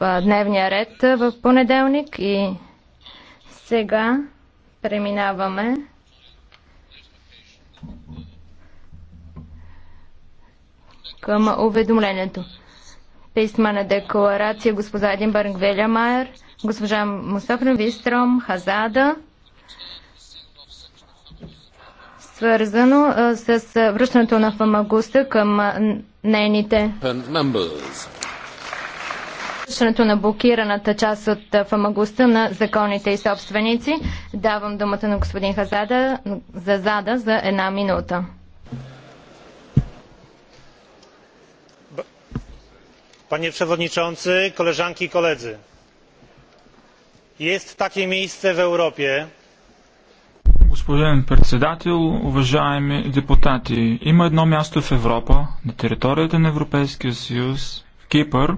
дневния ред в понеделник и сега преминаваме към уведомлението. на декларация госпожа Единбърг Велямайер, госпожа Мустафна Вистром, Хазада, свързано с връщането на Фамагуста към нейните извършването на блокираната част от фамагуста на законите и собственици. Давам думата на господин Хазада за зада за една минута. Panie przewodniczący, koleżanki i koledzy. Jest takie miejsce w Europie. Господин председател, уважаеми депутати, има едно място в Европа, на територията на Европейския съюз, в Кипър,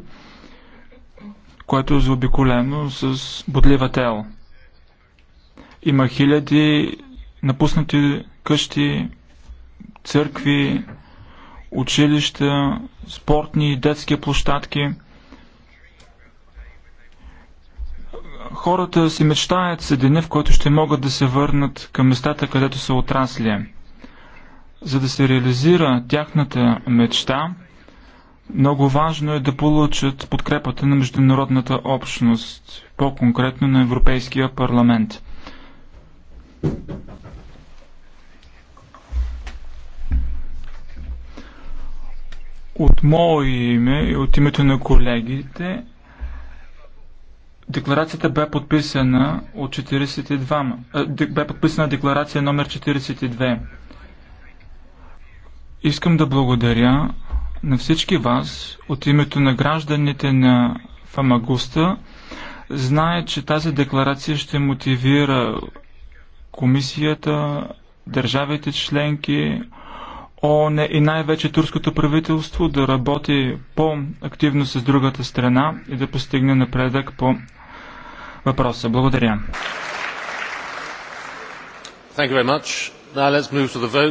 което е заобиколено с бодлива тел. Има хиляди напуснати къщи, църкви, училища, спортни и детски площадки. Хората си мечтаят за деня, в който ще могат да се върнат към местата, където са отрасли. За да се реализира тяхната мечта, много важно е да получат подкрепата на международната общност, по-конкретно на Европейския парламент. От мое име и от името на колегите, декларацията бе подписана от 42. Бе подписана декларация номер 42. Искам да благодаря на всички вас от името на гражданите на Фамагуста. Знае, че тази декларация ще мотивира комисията, държавите членки, ООН и най-вече турското правителство да работи по-активно с другата страна и да постигне напредък по въпроса. Благодаря.